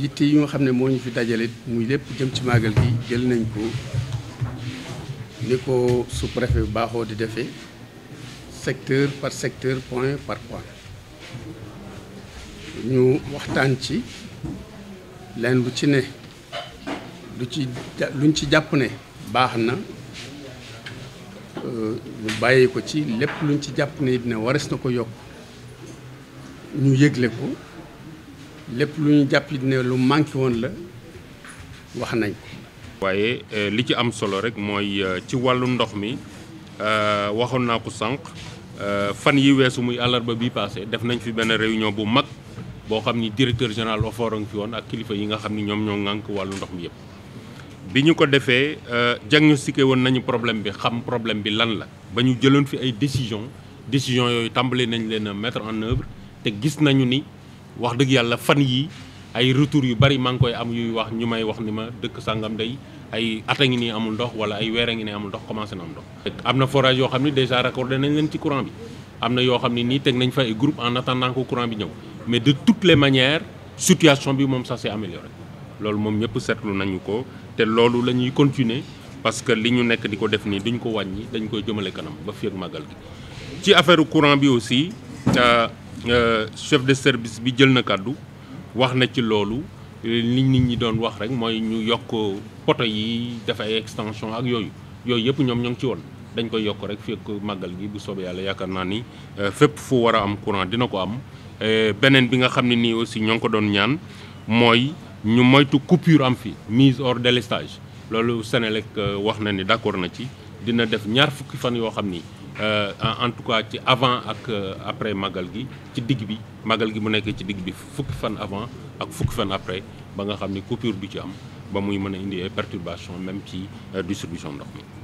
yitte yi nga xam ne moo ñu fi dajalee muy lépp jëm ci màggal gi jël nañ ko ni ko sous-préfet bu baaxoo di defee secteur par secteur point par point ñu waxtaan ci leen lu ci ne lu ci luñ ci jàpp ne baax na euh, ñu bàyyi ko ci lépp luñ ci jàpp ne it ne wares na ko yokk ñu yëgle ko lépp lu ñu jàpp ne lu manqué woon la wax nañ ko. waaye euh, li ci am solo rek mooy euh, ci wàllu ndox mi euh, waxoon naa ko sànq fan yi weesu muy àllarba bi passé def nañ fi benn réunion bu mag boo xam ni directeur général OFOR a ngi fi woon ak kilifa yi nga xam ni ñoom ñoo ŋànk wàllu ndox mi yëpp. bi ñu ko defee jang diagnostiqué woon nañu problème bi xam problème bi lan la ba ñu jëloon fi ay décision décision yooyu tàmbali nañ leen a mettre en œuvre te gis nañu ni. wax dëgg yàlla fan yii ay retour yu bari maa ngi koy am yuy wax ñu may wax ni ma dëkk sàngam day ay at a ngi nii amul ndox wala ay weer a ngi nii amul ndox commencé na am ndox. am na forage yoo xam ne déjà raccordé nañ leen ci courant bi am na yoo xam ne nii teg nañ fa ay groupe en attendant que courant bi ñëw mais de toutes les manières situation bi moom ça s'est amélioré loolu moom ñëpp seetlu nañu ko te loolu lañuy ñuy continuer parce que li ñu nekk di ko def nii duñ ko wàññi dañ koy jëmale kanam ba fii Euh, chef de service bi jël na kàddu wax na ci loolu li nit ñi doon wax rek mooy ñu yokk poto yi def ay extension ak yooyu yooyu yëpp ñoom ñoo ngi ci woon dañ koy yokk rek fekk màggal gi bu soobee yàlla yaakaar naa ni euh, fépp fu war a am courant dina ko am euh, beneen bi nga xam ne nii aussi ñoo ngi ko doon ñaan mooy ñu moytu coupure am fi mise hors délestage loolu Senelec wax na ni d'accord na ci dina def ñaar fukki fan yoo xam nii Euh, en tout cas ci avant ak euh, après magal gi ci digg bi magal gi mu nekk ci digg bi fukki fan avant ak fukki fan après ba nga xam ni coupure du ci am ba muy mën a indi ay perturbation même ci euh, distribution ndox mi